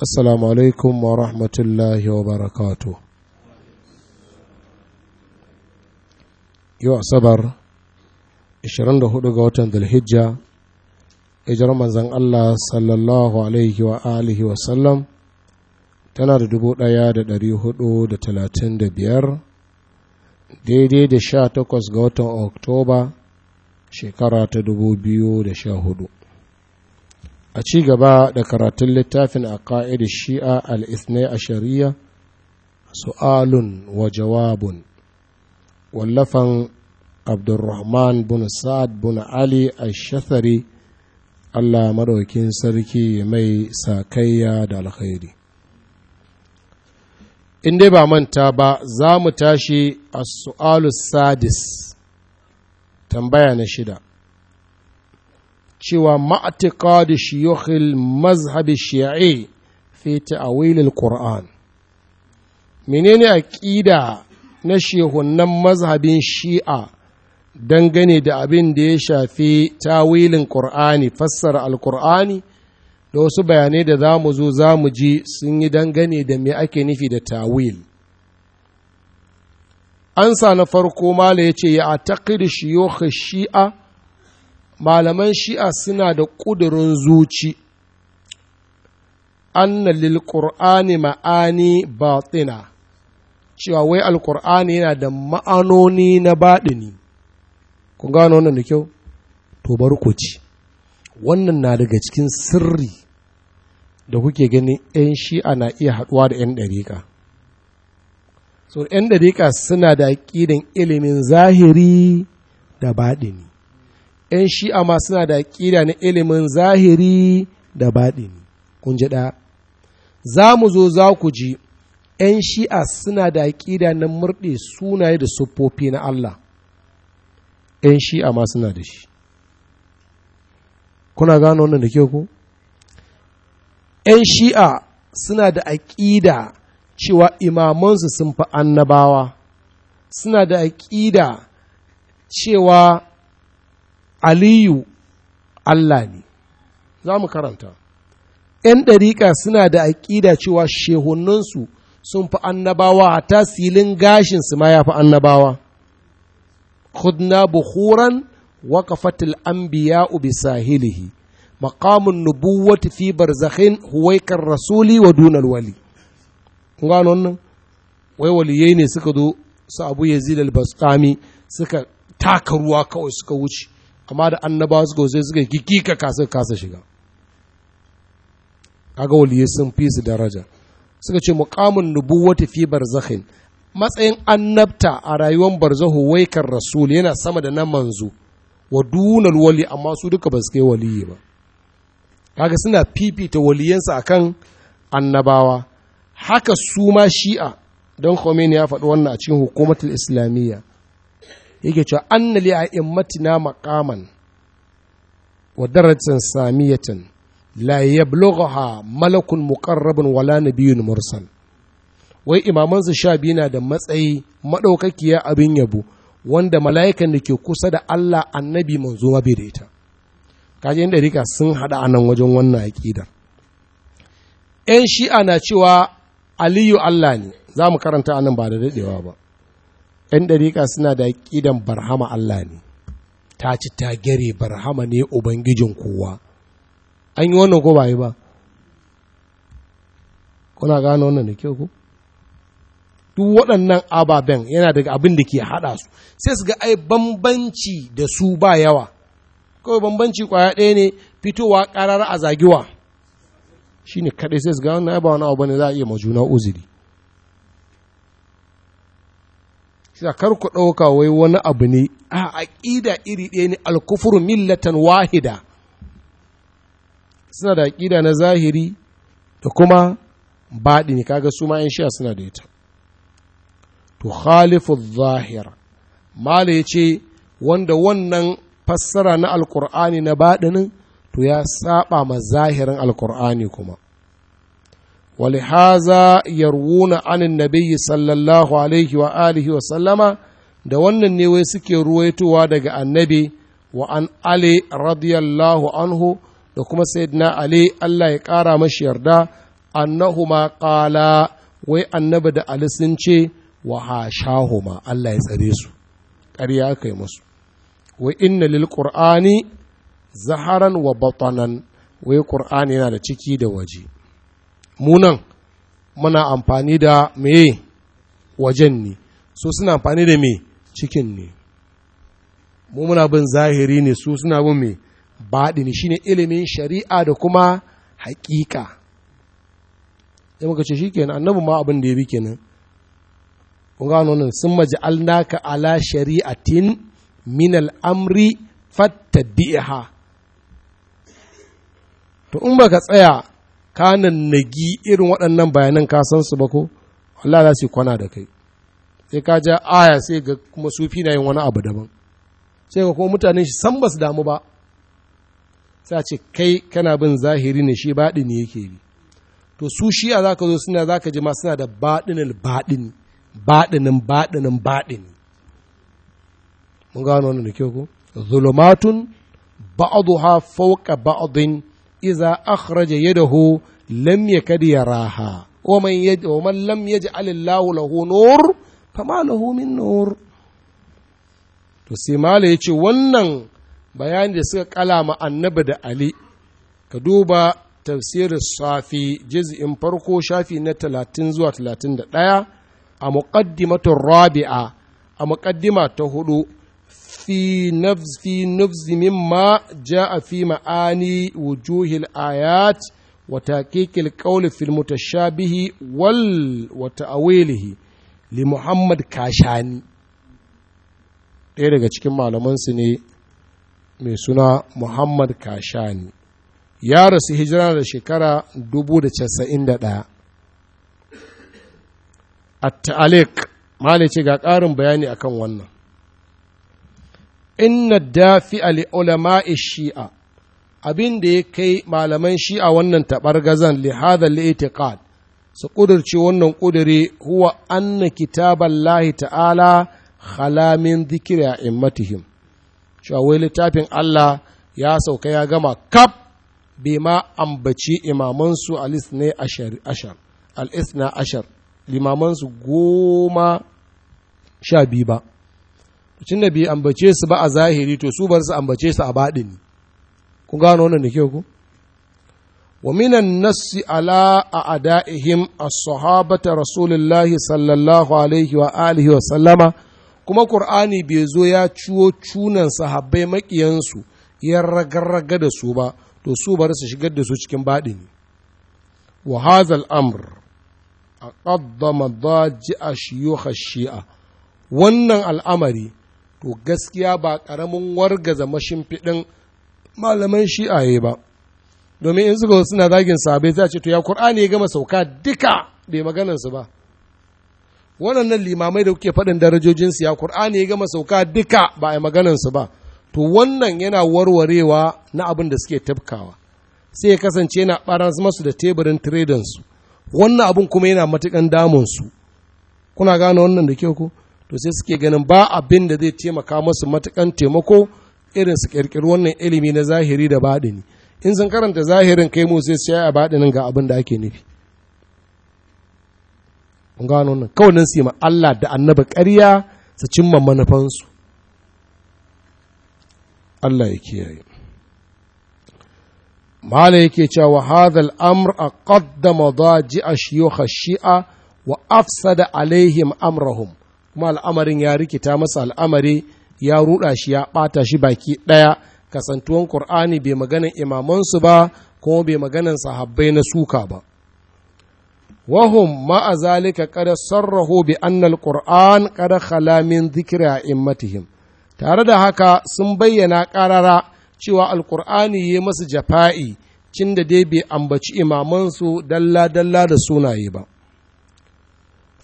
assalamu alaikum wa rahmatullahi wa barakatu yau asabar 24 ga watan dalhijja hijirar manzan Allah sallallahu alaihi wa alihi wa sallam tana da dubu ɗaya da ɗari hudu da talatin da biyar daidai da sha takwas ga watan oktoba shekara ta dubu biyu da sha hudu a ci gaba da karatun littafin a ƙa'id shi'a al'isnai a shari'a su'alun wa jawabun wallafan abdurrahman bin sa'ad bin ali a shasari allah maɗaukin sarki mai sakayya da alkhairi in dai ba manta ba za mu tashi a su'alu sadis tambaya na shida cewa ma'atika da shiyukhil mazhabi shi'i fi ta'awilil qur'an menene aƙida na shehunan mazhabin shi'a dangane da abin da ya shafi tawilin qur'ani fassara alqur'ani da wasu bayanai da za mu zo za mu ji sun yi dangane da me ake nufi da tawil ansa na farko Malam ya ce ya a taƙir shiyukhil shi'a malaman shi'a suna da ƙudurin zuci anna lil qur'ani ma'ani batina cewa wai alkur'ani yana da ma'anoni na baɗini kun gano wannan da kyau to bar ku wannan na daga cikin sirri da kuke ganin 'yan shi'a na iya haɗuwa da 'yan ɗariƙa so 'yan ɗariƙa suna da ƙidan ilimin zahiri da baɗini 'yan shi'a ma suna da ƙida na ilimin zahiri da baɗini kun ji ɗaya za mu zo za ku ji 'yan shi'a suna da ƙida na murɗe sunaye da siffofi na Allah 'yan shi'a ma suna da shi kuna gano wannan da kyau ku? 'yan shi'a suna da aƙida cewa imamansu sun fi annabawa suna da aƙida cewa aliyu Allah ne za mu karanta ‘yan ɗariƙa suna da aƙida cewa shehunansu sun fi annabawa a tasirin gashinsu ma ya fi annabawa khudna buhuran waqafatil anbiya bi sahilihi maqamun nubuwwati fi barzakhin huwaikar rasuli wa dunal wali gano wai waliyai ne suka zo su abu yazid al-bastami suka taka ruwa kawai suka wuce amma da annabawa suka sai suka kikika kasa kasa shiga kaga waliye sun fi su daraja suka ce muqamun nubuwati fi barzakhin matsayin annabta a rayuwar barzahu kan rasul yana sama da na manzo wa dunal wali amma su duka ba su kai waliyi ba kaga suna fifita waliyansa akan annabawa haka su ma shi'a don Khomeini ya faɗi wannan a cikin hukumatul islamiyya yake cewa annali a immatina makaman wa daratin samiyatan la yablugha malakun mukarrabin wala na biyun mursal wai imamansu sha biyu na da matsayi maɗaukakiya abin yabo wanda mala'ikan da ke kusa da Allah annabi manzo ma bai da ita kaje inda rika sun hada a nan wajen wannan aƙida ‘yan shi'a na cewa aliyu Allah ne za mu karanta anan ba da daɗewa ba ‘yan ɗariƙa suna da ƙidan barhama Allah ne, ta ci ta gare barhama ne Ubangijin kowa, an yi wannan ko ba ba, kuna gane wannan da kyau ko? Duk waɗannan ababen yana daga abin da ke haɗa su, sai su ga ai bambanci da su ba yawa, kawai bambanci kwaya ɗaya ne fitowa ƙarar a zagiwa, shi ne kaɗai sai su ga wannan ba wani abu ne za a iya ma juna uziri. sai kar ku ɗauka wai wani abu ne a aƙida iri ɗaya ne alkufur millatan wahida suna da aƙida na zahiri da kuma baɗi ne kaga su ma 'yan shiya suna da ita to khalifu zahira mala ya ce wanda wannan fassara na alkur'ani na baɗinin to ya saɓa ma zahirin alkur'ani kuma ولهذا يروون عن النبي صلى الله عليه wa وسلم da wannan ne wai suke ruwaitowa daga annabi wa an Ali radiyallahu anhu da kuma sayyidina Ali Allah ya ƙara mashi yarda annahuma qala wai annabi da Ali sun ce wa hashahuma Allah ya tsare su ƙarya kai musu wai inna lil qur'ani zaharan wa batanan wai qur'ani yana da ciki da waje munan muna amfani da me wajen ne so suna amfani da me cikin ne mu muna bin zahiri ne su suna bin me baɗi ne shine ilimin shari'a da kuma haƙiƙa ya muka ce shikenan annabi ma abin da ya bi kenan kun gano nan sun naka ala shari'atin min al'amri fattabi'ha to in baka tsaya kanan nagi irin waɗannan bayanan ka san su ba ko Allah za su kwana da kai sai ka ja aya sai ga kuma sufi na yin wani abu daban sai ga kuma mutanen shi san ba su damu ba sai a ce kai kana bin zahiri ne shi baɗi ne yake bi to su shi a za ka zo suna za ka ji ma suna da baɗinin baɗin baɗinin baɗinin baɗin mun gano wannan da kyau ko zulumatun ha fauka ba'din iza akhraja yadahu lam yakad yaraha wa man yaj wa man lam yaj'al Allahu lahu nur fama lahu min nur to sai mala yace wannan bayani da suka kalama annabi da ali ka duba tafsirin safi juz'in farko shafi na 30 zuwa 31 a muqaddimatur rabi'a a muqaddima ta hudu fi nafs fi nafs mimma ja'a fi ma'ani wujuhil ayat wa taqiqil qawl fil mutashabih wal wa ta'wilihi li Muhammad Kashani ɗaya daga cikin malamansu ne mai suna Muhammad Kashani ya rasu hijira da shekara 1091 at-ta'aliq malice ga ƙarin bayani akan wannan inna dafi'a li ulama'i shi'a abin da ya kai malaman shi'a wannan taɓargazan li hadha li'tiqad su ƙudurce wannan ƙudure huwa anna kitaballahi ta'ala min dhikri a cewa wai littafin Allah ya sauka ya gama kaf bai ma ambaci imamansu al-isna ashar al-isna ashar limamansu goma sha biyu ba tun da bai ambace su ba a zahiri to su bar su ambace su a baɗini ku gano wannan da kyau ku wa minan nasi ala a ada'ihim as-sahabata rasulullahi sallallahu alaihi wa alihi wa sallama kuma ƙur'ani bai zo ya ciwo cunan sahabbai makiyansu ya ragarraga da su ba to su bar su shigar da su cikin baɗini wa hazal amr a daji a shiyukha shi'a wannan al'amari to gaskiya ba ƙaramin wargaza mashimfiɗin malaman shi'a ba domin in suka suna zagin sabai za ce to ya ƙur'ani ya gama sauka duka bai maganansu ba waɗannan limamai da kuke faɗin darajojinsu ya kur'ani ya gama sauka duka ba a maganansu ba to wannan yana warwarewa na abin da suke tafkawa sai ya kasance yana ɓaran masu da teburin tiredansu wannan abin kuma yana matukan damunsu kuna gane wannan da kyau ku. to sai suke ganin ba abin da zai taimaka masu matukan taimako irin su kirkiri wannan ilimi na zahiri da baɗini in sun karanta zahirin kai mu sai sai a baɗinin ga abin da ake nufi kun gano nan kawai nan su yi Allah da annabi ƙarya su cimma manufansu Allah ya kiyaye mala yake cewa wa hadhal amr aqaddama daji ashiyukh shi'a wa afsada alaihim amrahum kuma al'amarin ya rikita masa al'amari ya ruɗa shi ya ɓata shi baki ɗaya kasantuwan ƙur'ani bai maganan imamansu ba kuma bai maganan sahabbai na suka ba wahum ma'azalika zalika kada sarrahu bi annal qur'an kada khala min dhikra immatihim tare da haka sun bayyana ƙarara cewa alqur'ani yayi masu jafa'i cin da dai bai ambaci imamansu dalla-dalla da sunaye ba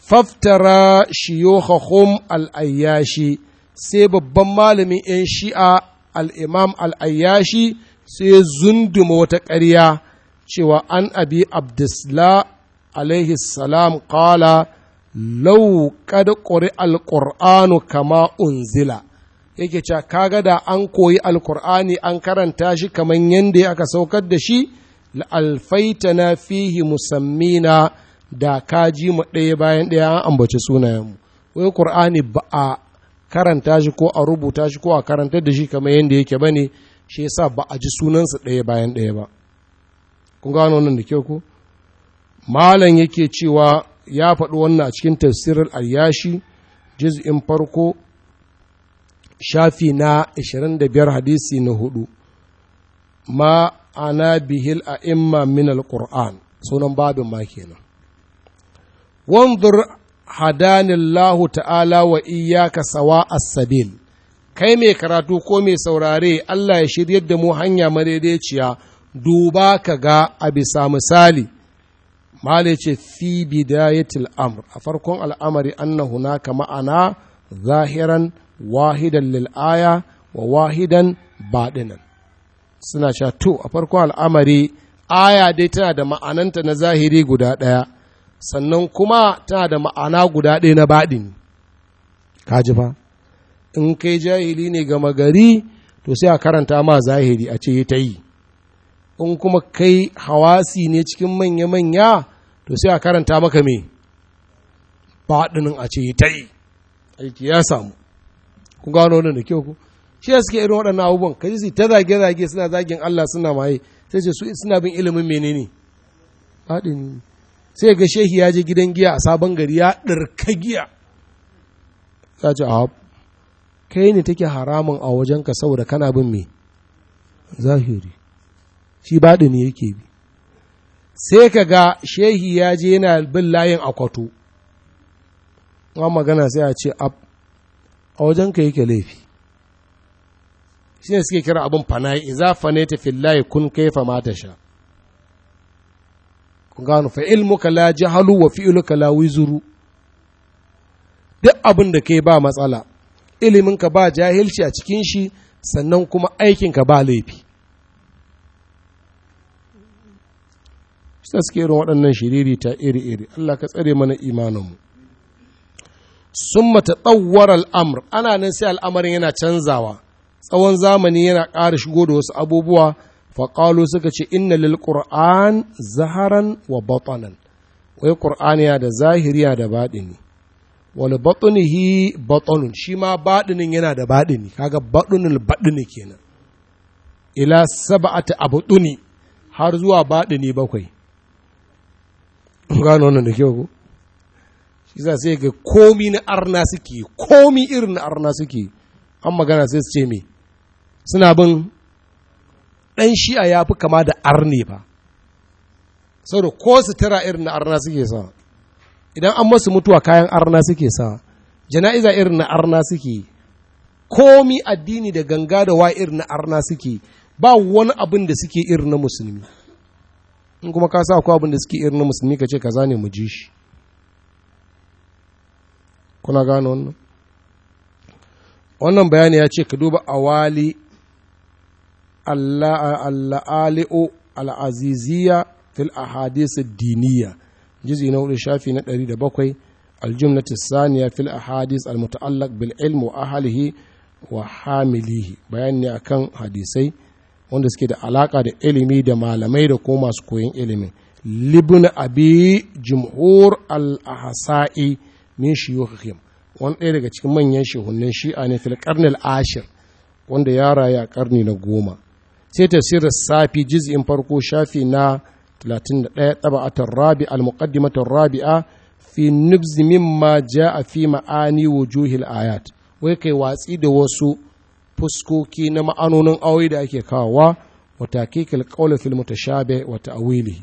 faftara shiyukhahum al al'ayyashi sai babban malamin 'yan shi'a al'imam al'ayyashi sai zunduma wata ƙarya cewa an abi abdusla alaihi salam ƙala lau kad ƙuri alƙur'anu kama unzila yake cewa kaga da an koyi alƙur'ani an karanta shi kamar yadda aka saukar da shi la'alfaita na fihi musammina da ka ji mu ɗaya bayan ɗaya an ambaci sunayenmu wai ƙur'ani ba a karanta shi ko a rubuta shi ko a karanta da shi kamar yadda yake ne, shi yasa ba a ji sunansa ɗaya bayan ɗaya ba kun gano wannan da kyau ko malam yake cewa ya faɗi wannan a cikin tafsirar ayyashi juz'in farko shafi na 25 hadisi na hudu ma ana bihil a imma min alquran sunan babin ma kenan wanzur hadanillahu ta'ala wa iyyaka sawa as kai mai karatu ko mai saurare Allah ya shiryar da mu hanya madaidaiciya duba ka ga a bisa misali mala ce fi bidayatil amr a farkon al'amari annahu naka ma'ana zahiran wahidan lil aya wa wahidan badinan suna sha to a farkon al'amari aya dai tana da ma'ananta na zahiri guda ɗaya sannan kuma tana da ma'ana guda ɗaya na baɗin kaji ba in kai jahili ne gama gari to sai a karanta ma zahiri a ce ta yi in kuma kai hawasi ne cikin manya-manya to sai a karanta maka me baɗinin a ce ta yi aiki ya samu kun gano wannan da kyau ku shi ya suke irin waɗannan abubuwan ji su ta zage-zage suna zagin Allah suna maye sai ce su suna bin ilimin menene baɗini sai ga shehi ya je gidan giya a sabon gari ya ɗarka giya za ce a kai ne take haramun a wajenka saboda kana bin me zahiri shi baɗi ne yake bi sai ka ga shehi ya je yana bin layin akwato wa magana sai a ce a wajenka yake laifi shi ne suke kira abin fana'i za fanaita fillahi kun kaifa mata sha kun gano fa ilmuka la jahalu wa fi'luka la wizuru duk abin da kai ba matsala iliminka ba jahilci a cikin shi sannan kuma aikinka ba laifi sai suke irin waɗannan shiriri ta iri-iri Allah ka tsare mana imaninmu sun mata tsawar al'amur ana nan sai al'amarin yana canzawa tsawon zamani yana ƙara shigo da wasu abubuwa faƙalu suka ce inna lil qur'an zaharan wa batanan wai qur'an ya da zahiriya da baɗini wal batnihi batanun shi ma baɗinin yana da baɗini kaga baɗinul baɗini kenan ila sab'ati abduni har zuwa baɗini bakwai gano sai ga komi na arna suke komi irin na arna suke an magana sai su ce me suna bin ɗan shi'a ya fi kama da arne ba saboda ko su tara irin na arna suke sa idan an masu mutuwa kayan arna suke sa jana'iza irin na arna suke komi addini da ganga da wa irin na arna suke ba wani abin da suke irin na musulmi in kuma ka sa akwai abin da suke irin na musulmi ka ce kaza ne mu ji shi kuna gano wannan wannan bayani ya ce ka duba awali al’ali’o al'aziziya fil ahadith ad-diniyya juz'i na hudu shafi na ɗari da bakwai as-saniya fil ahadis al muta'allak bil ilmu wa ahlihi wa hamilihi bayan ne akan hadisai wanda suke da alaka da ilimi da malamai da kuma masu koyon ilimin libin abi jumhur al Ahasai min shiyukhihim wani ɗaya daga cikin manyan shehunan shi'a ne fil ashir wanda ya raya karni na goma sai tafsirin safi juz'in farko shafi na 31 taba'atar rabi al rabi'a fi nubz mimma ja'a fi ma'ani wujuhil ayat wai kai watsi da wasu fuskoki na ma'anonin aure da ake kawowa wa takikil qawli fil mutashabih wa ta'wilihi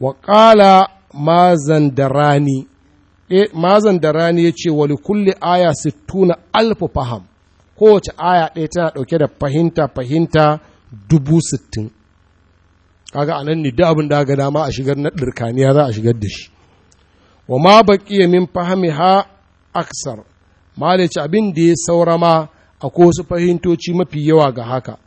wa qala mazandarani eh, mazandarani yace wa kulle kulli aya 60 alf faham kowace aya ɗaya tana ɗauke da fahimta fahimta dubu sittin kaga anan ne duk abin da ga dama a shigar na ɗirkaniya za a shigar da shi wa ma baƙiya min fahimi ha aksar ci abin da ya saura ma ko wasu fahimtoci mafi yawa ga haka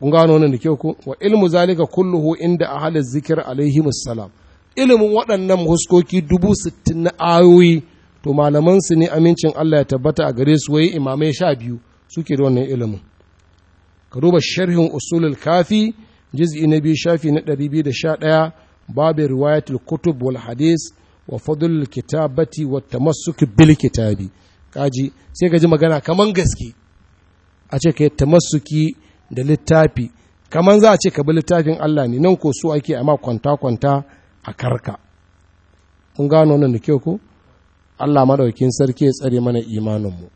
kun gano wannan da kyau ku wa ilmu zalika kulluhu inda ahli zikir alaihi salam ilimin waɗannan huskoki dubu sittin na ayoyi to malamansu ne amincin Allah ya tabbata a gare su wai imamai sha biyu suke da wannan ilimin ka duba sharhin usulul kafi juz'i na biyu shafi na ɗaya babin riwayatul kutub wal hadis wa fadlul kitabati wa tamassuk bil kitabi kaji sai ka ji magana kaman gaske a ce ka tamassuki da littafi kaman za a ce ka bi littafin Allah ne nan ko su ake amma kwanta kwanta a karka kun gano nan da kyau ko Allah madaukin sarki ya tsare mana imaninmu